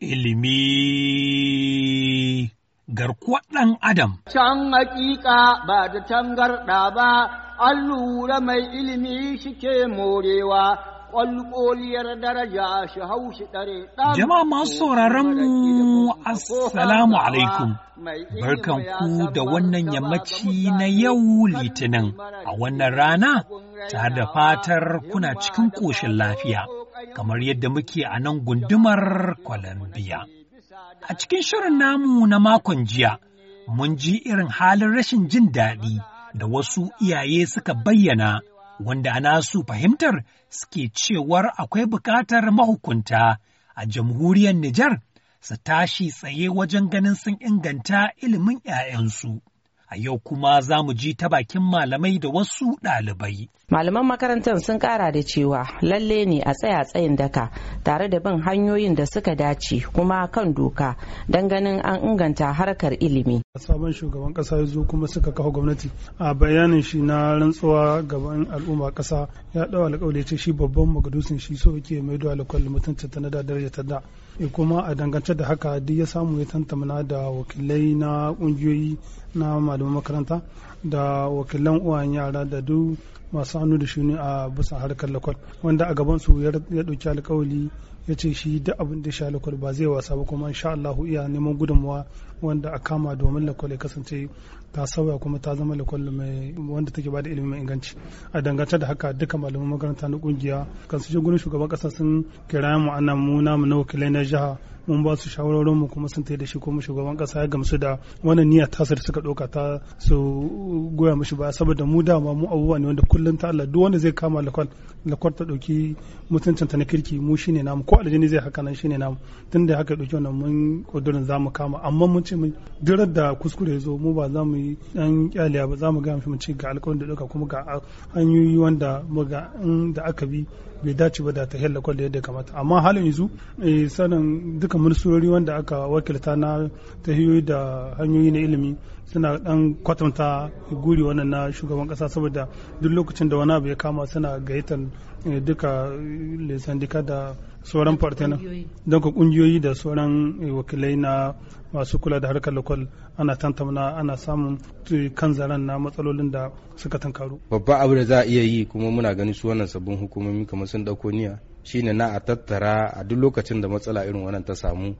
ilimi garkuwa ɗan Adam. Can hakika ba da tangarɗa ba, an lura mai ilimi shike morewa. Ƙwalƙoliyar daraja shi haushi ɗare Jama'a masu sauraron mu, Assalamu alaikum. Barkan ku da wannan yammaci na yau Litinin a wannan rana, tare da fatar kuna cikin ƙoshin lafiya. kamar yadda muke a nan gundumar Columbia. A cikin shirin namu na makon jiya, mun ji irin halin rashin jin daɗi da wasu iyaye suka bayyana wanda ana su fahimtar suke cewar akwai buƙatar mahukunta a jamhuriyar Nijar su tashi tsaye wajen ganin sun inganta ilimin 'ya'yansu. A yau kuma za mu ji ta bakin malamai da wasu ɗalibai. Malaman makarantar sun ƙara da cewa lalle ne a tsaya tsayin daka tare da bin hanyoyin da suka dace kuma kan doka don ganin an inganta harkar ilimi. Sabon shugaban ƙasa ya zo kuma suka kawo gwamnati. A bayanin shi na rantsuwa gaban al'umma ƙasa ya ɗau alƙawari ce shi babban magadusin shi so ke maido alƙawari mutunta ta na da daraja ta da. kuma a dangance da haka duk ya samu ya tantamana da wakilai na ƙungiyoyi na malaman makaranta da wakilan uwayen yara da duk masu hannu da shuni a bisa harkar lakwal wanda a gaban su ya ɗauki alkawali ya ce shi duk abin da sha lakwal ba zai wasa ba kuma insha Allah iya neman gudunmawa wanda a kama domin lakwal ya kasance ta sauya kuma ta zama lakwal mai wanda take bada ilimi mai inganci a dangance da haka duka malaman makaranta na kungiya kan su gurin shugaban kasa sun kira mu ana mu namu na wakilai na jiha mun ba su shawarorin mu kuma sun tai da shi kuma shugaban kasa ya gamsu da wannan niyya tasa da suka ɗauka ta su goya mishi baya saboda mu dama mu abubuwa ne wanda kullun ta Allah duk wanda zai kama lakwal lakwal ta ɗauki mutuncin ta na kirki mu shine namu ko aljini zai haka nan shine namu tunda haka ɗauki wannan mun kudurin zamu kama amma mun ce mai dirar da kuskure ya zo mu ba za mu yi dan kyaliya ba za mu ga mu ce ga alƙawarin da ɗauka kuma ga hanyoyi wanda muga da aka bi bai dace ba da ta hella kwalle yadda kamata amma halin yanzu eh, sanin duka ministrori wanda aka wakilta na ta da hanyoyi na ilimi suna dan kwatanta guri wannan na shugaban kasa saboda duk lokacin da wani abu ya kama suna gayyatar eh, duka lesandika da sauran partena don ka kungiyoyi da sauran eh, wakilai na masu kula da harkar lokal ana tantamna ana samun eh, kan zaren na matsalolin da suka tankaru babba abu da za a iya yi kuma muna ganin su wannan sabbin hukumomi kamar sun dauko niyya shine na a tattara a duk lokacin da matsala irin wannan ta samu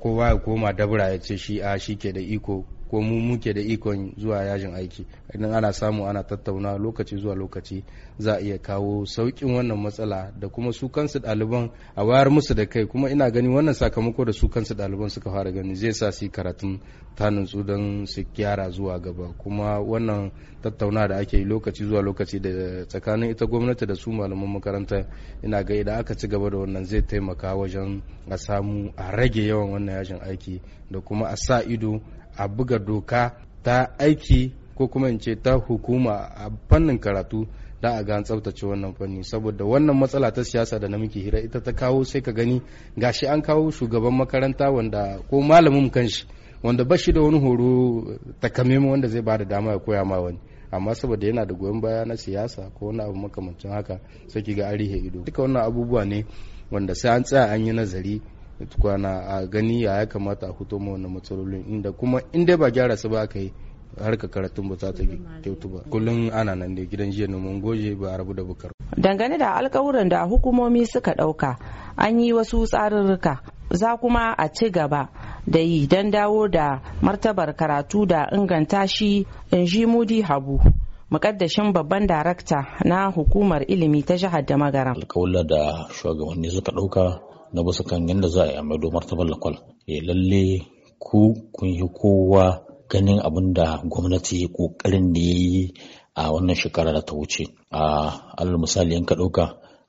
kowa ya koma dabura ya ce shi a ah, shi ke da iko ko mu muke da ikon zuwa yajin aiki idan ana samu ana tattauna lokaci zuwa lokaci za a iya kawo sauƙin wannan matsala da kuma su kansu ɗaliban a wayar musu da kai kuma ina gani wannan sakamako da su kansu ɗaliban suka fara gani zai sa su karatun ta nutsu don su gyara zuwa gaba kuma wannan tattauna da ake yi lokaci zuwa lokaci da tsakanin ita gwamnati da su malaman makaranta ina ga idan aka ci gaba da wannan zai taimaka wajen a samu a rage yawan wannan yajin aiki da kuma a sa ido a buga doka ta aiki ko kuma in ce ta hukuma a fannin karatu da a ga tsaftace tsabtace wannan fanni saboda wannan matsala ta siyasa da na muke hira ita ta kawo sai ka gani gashi an kawo shugaban makaranta wanda ko malamin kanshi wanda ba da wani horo takamaimai wanda zai bada dama ya koya ma wani amma saboda yana da goyon baya na siyasa ko wani abu makamancin haka sai ga arihe ido duka wannan abubuwa ne wanda sai an tsaya an yi nazari tukwana a gani ya ya kamata a fito ma wannan matsalolin inda kuma in ba gyara su ba aka yi harka karatun ba za ta kyautu ba kullum ana nan da gidan jiya na goje ba a rabu da bukar dangane da alkawuran da hukumomi suka dauka an yi wasu tsarurruka za kuma a ci gaba da yi don dawo da martabar karatu da inganta shi in ji mudi habu mukaddashin babban darakta na hukumar ilimi ta jihar da magara alkawula da shugabanni suka dauka na wasu kan yadda za a yi amma domar lakwal ya eh, lalle ku kun yi kowa ganin abin da gwamnati kokarin da ya yi a wannan shekara da ta wuce a alal misali ka ɗauka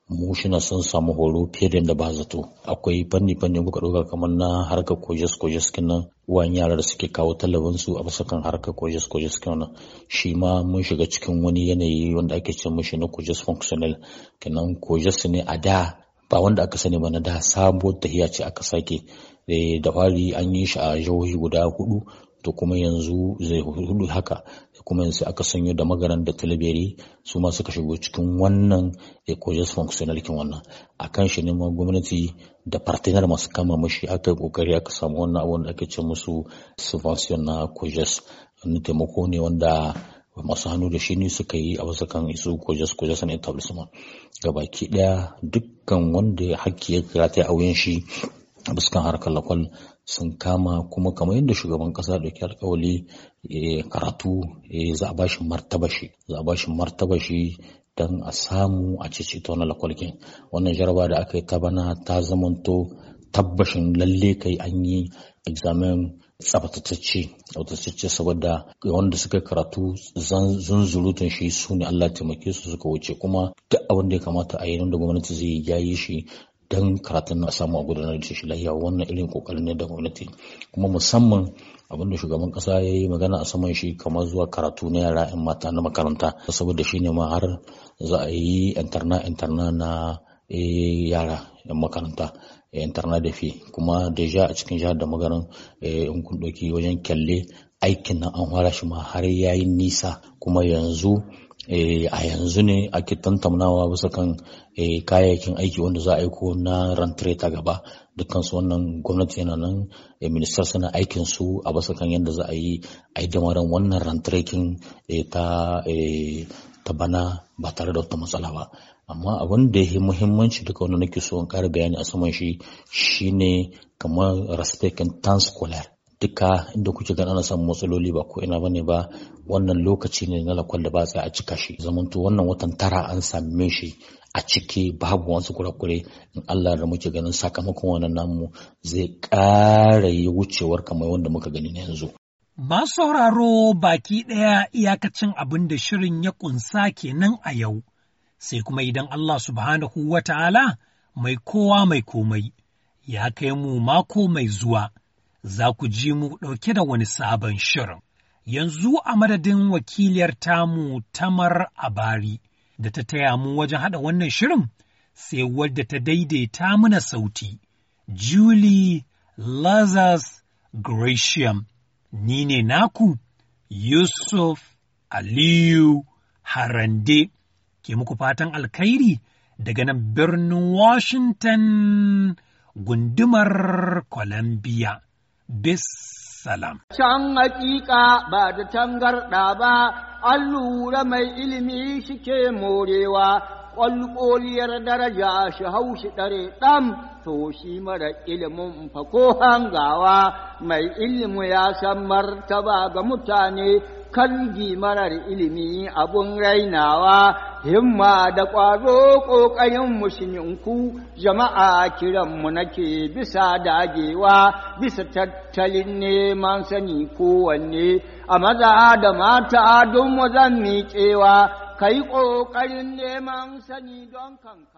mushina sun samu horo fiye da yadda ba zato akwai fanni fanni kuka ɗauka kamar na harkar kojes kojes kinan uwan yara da suke kawo talabin su a bisa kan harkar kojes kojes kinan shi ma mun shiga cikin wani yanayi wanda ake ce mashi na kojes functional kinan kojes ne a da ba wanda aka sani ba na da sabuwar tahiya ce aka sake eh, da fari an yi shi a jihohi guda hudu to kuma yanzu zai hudu haka kuma yanzu aka sanyo da magaran da talibiri su ma suka shigo cikin wannan ecojas functionalitin wannan a kan shi neman gwamnati da partner masu kama mashi aka kokari aka samu wannan abun da aka ce musu subvention na ecojas wani taimako ne wanda masu hannu da shi ne suka yi a wasu kan isu kojas kojas na establishment baki daya dukkan wanda hakki ya karata a auyen shi a buskan harkar lakwal sun kama kuma kamar yadda shugaban kasa da ke alkawali eh, karatu eh, za a bashi shi za a bashi shi don a samu a cici ta wani lakwalkin wannan jaraba da aka yi ta bana ta zamanto tabbashin lalle kai an yi examen tsaftatacce tsaftatacce saboda wanda suka karatu zunzurutun shi su ne Allah taimake su suka wuce kuma duk abin da ya kamata a yi da gwamnati zai yi yayi shi don karatun na samu a gudanar da shi lahiya wannan irin kokarin ne da gwamnati kuma musamman abin da shugaban kasa ya yi magana a saman shi kamar zuwa karatu na yara 'yan mata na makaranta saboda shi ne ma har za a yi interna interna na E, yara 'yan makaranta e, interna da fi kuma deja a cikin jihar da magarin e, in kun wajen kyalle aikin nan an fara shi ma har yayi nisa kuma yanzu a yanzu ne ake tantamnawa bisa kan kayayyakin aiki wanda za a aiko na rantare ta gaba dukkan su wannan gwamnati yana nan ministar suna aikin su a bisa kan yadda za a yi a wannan rantarekin ta ta bana ba tare da wata matsala ba amma abin da ya muhimmanci duka wanda nake so in kara bayani a saman shi shine kamar respect and duka inda kuke gan ana samun matsaloli ba ko ina bane ba wannan lokaci ne na lakwal da ba sai a cika shi zamanto wannan watan tara an same shi a ciki babu wasu kurakure in Allah da muke ganin sakamakon wannan namu zai ƙara yi wucewar kamar wanda muka gani na yanzu Masu sauraro baki ɗaya iyakacin abin da shirin ya ƙunsa kenan a yau, sai kuma idan Allah subhanahu wa ta'ala mai kowa mai komai ya kai mu mako mai zuwa, za ku ji mu ɗauke da wani sabon shirin. Yanzu a madadin wakiliyar tamu Tamar Abari da ta taya mu wajen haɗa wannan shirin, sai wadda ta daidaita mana sauti, Julie Lazarus Gratiam. ni ne naku Yusuf Aliyu Harande ke muku fatan alkhairi daga nan birnin Washington gundumar Columbia. Bissalam. Can hakika ba da tangarɗa ba, an lura mai ilimi shi ke morewa. ƙwalƙoliyar daraja shi haushi ɗare ɗan to shi mara ilimin fa ko hangawa mai ilimi ya san martaba ga mutane kalgi marar ilimi abun rainawa himma da ƙwaro ƙoƙarin mushininku jama'a kiranmu nake bisa dagewa bisa tattalin neman sani kowanne a maza da mata don mu zan miƙewa ka yi ƙoƙarin neman sani don kanka.